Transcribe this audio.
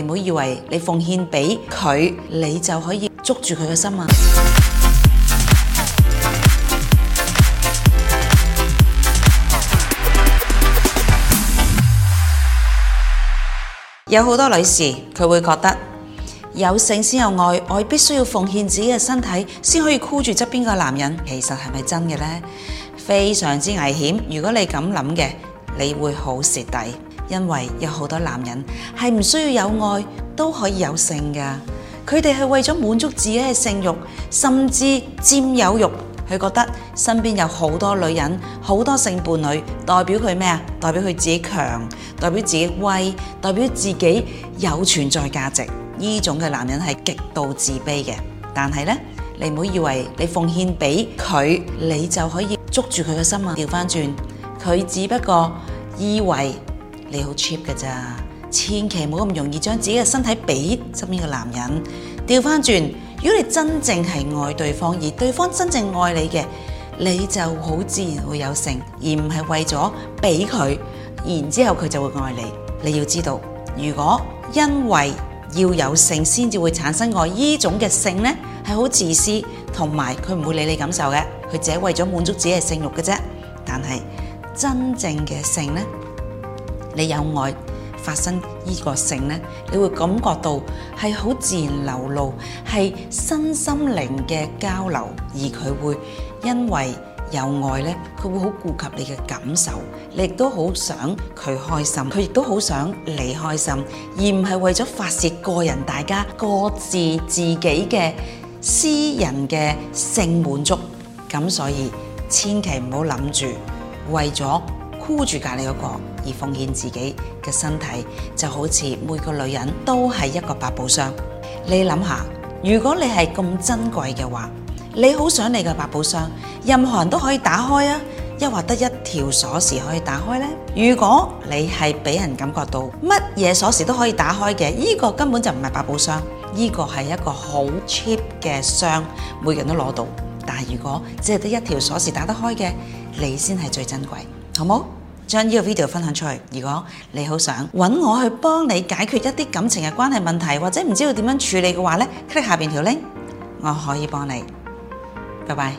你唔好以為你奉獻俾佢，你就可以捉住佢嘅心啊！ 有好多女士，佢會覺得有性先有愛，愛必須要奉獻自己嘅身體，先可以箍住側邊個男人。其實係咪真嘅呢？非常之危險！如果你咁諗嘅，你會好蝕底。因為有好多男人係唔需要有愛都可以有性㗎，佢哋係為咗滿足自己嘅性慾，甚至佔有慾。佢覺得身邊有好多女人、好多性伴侶，代表佢咩啊？代表佢自己強，代表自己威，代表自己有存在價值。呢種嘅男人係極度自卑嘅。但係咧，你唔好以為你奉獻俾佢，你就可以捉住佢嘅心啊！掉返轉，佢只不過以為。你好 cheap 嘅咋，千祈唔好咁容易將自己嘅身體俾身邊嘅男人。調翻轉，如果你真正係愛對方，而對方真正愛你嘅，你就好自然會有性，而唔係為咗俾佢，然之後佢就會愛你。你要知道，如果因為要有性先至會產生愛，呢種嘅性咧係好自私，同埋佢唔會理你感受嘅，佢只係為咗滿足自己嘅性慾嘅啫。但係真正嘅性咧。你有愛發生呢個性呢，你會感覺到係好自然流露，係身心靈嘅交流，而佢會因為有愛呢，佢會好顧及你嘅感受，你亦都好想佢開心，佢亦都好想你開心，而唔係為咗發洩個人、大家各自自己嘅私人嘅性滿足。咁所以千祈唔好諗住為咗箍住隔籬嗰個而奉獻自己嘅身體，就好似每個女人都係一個百寶箱。你諗下，如果你係咁珍貴嘅話，你好想你嘅百寶箱，任何人都可以打開啊？又或者得一條鎖匙可以打開呢？如果你係俾人感覺到乜嘢鎖匙都可以打開嘅，呢個根本就唔係百寶箱，呢個係一個好 cheap 嘅箱，每個人都攞到。但係如果只係得一條鎖匙打得開嘅，你先係最珍貴，好冇？將呢個 video 分享出去。如果你好想揾我去幫你解決一啲感情嘅關係問題，或者唔知道點樣處理嘅話呢，click 下面條 link，我可以幫你。拜拜。